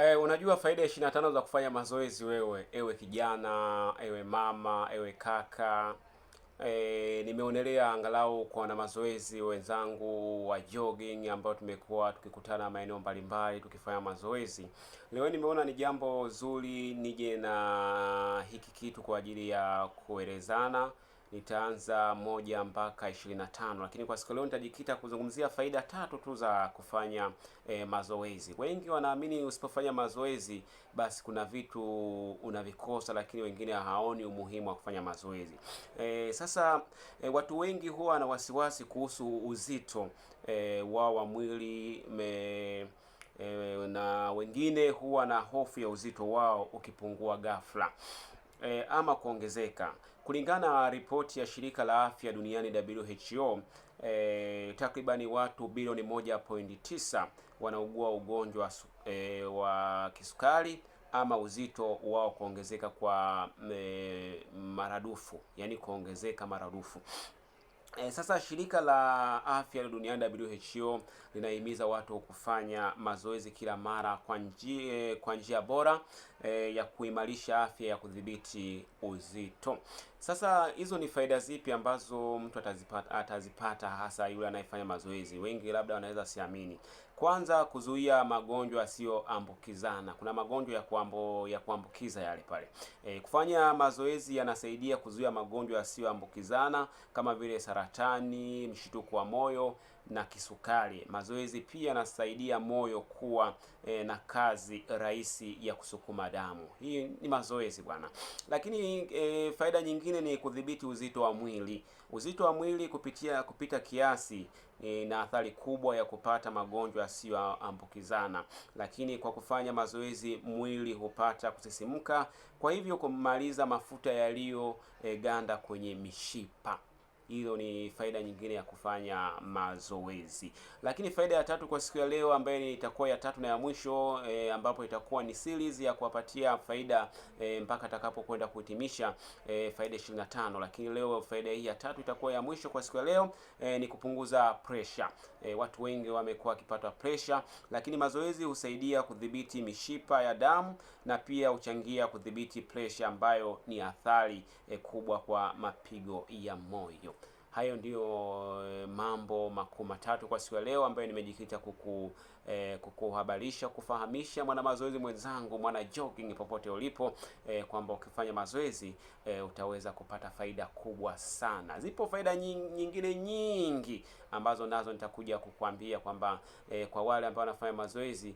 Eh, unajua faida ya ishirini na tano za kufanya mazoezi wewe, ewe kijana, ewe mama, ewe kaka. Eh, nimeonelea angalau kwa na mazoezi wenzangu wa jogging ambao tumekuwa tukikutana maeneo mbalimbali tukifanya mazoezi. Leo nimeona ni jambo zuri nije na hiki kitu kwa ajili ya kuelezana nitaanza moja mpaka 25, lakini kwa siku leo nitajikita kuzungumzia faida tatu tu za kufanya e, mazoezi. Wengi wanaamini usipofanya mazoezi basi kuna vitu unavikosa, lakini wengine haoni umuhimu wa kufanya mazoezi. E, sasa e, watu wengi huwa na wasiwasi kuhusu uzito e, wao wa mwili me, e, na wengine huwa na hofu ya uzito wao ukipungua ghafla eh, ama kuongezeka kulingana na ripoti ya shirika la afya duniani WHO. Eh, takribani watu bilioni 1.9 wanaugua ugonjwa eh, wa kisukari ama uzito wao kuongezeka kwa eh, maradufu, yani kuongezeka maradufu. E, sasa shirika la afya duniani WHO linahimiza watu kufanya mazoezi kila mara kwa njia eh, kwa njia bora e, ya kuimarisha afya ya kudhibiti uzito. Sasa hizo ni faida zipi ambazo mtu atazipata, atazipata hasa yule anayefanya mazoezi? Wengi labda wanaweza siamini. Kwanza, kuzuia magonjwa yasiyoambukizana. Kuna magonjwa ya kuambo, ya kuambukiza yale pale. E, kufanya mazoezi yanasaidia kuzuia magonjwa yasiyoambukizana kama vile saratani, mshituko wa moyo na kisukari. Mazoezi pia yanasaidia moyo kuwa e, na kazi rahisi ya kusukuma damu. Hii ni mazoezi bwana. Lakini e, faida nyingine ni kudhibiti uzito wa mwili. Uzito wa mwili kupitia kupita kiasi e, eh, na athari kubwa ya kupata magonjwa yasiyoambukizana. Lakini kwa kufanya mazoezi mwili hupata kusisimka, kwa hivyo kumaliza mafuta yaliyo e, ganda kwenye mishipa. Hiyo ni faida nyingine ya kufanya mazoezi. Lakini faida ya tatu kwa siku ya leo, ambayo itakuwa ya tatu na ya mwisho e, ambapo itakuwa ni series ya kuwapatia faida e, mpaka atakapokwenda kuhitimisha e, faida 25. Lakini leo faida hii ya tatu itakuwa ya mwisho kwa siku ya leo e, ni kupunguza pressure. E, watu wengi wamekuwa wakipata pressure, lakini mazoezi husaidia kudhibiti mishipa ya damu na pia huchangia kudhibiti pressure ambayo ni athari e, kubwa kwa mapigo ya moyo. Hayo ndiyo eh, mambo makuu matatu kwa siku ya leo ambayo nimejikita kuku, eh, kukuhabarisha kufahamisha mwana mazoezi mwenzangu mwana jogging popote ulipo eh, kwamba ukifanya mazoezi eh, utaweza kupata faida kubwa sana. Zipo faida nyingine nyingi ambazo nazo nitakuja kukuambia kwamba eh, kwa wale ambao wanafanya mazoezi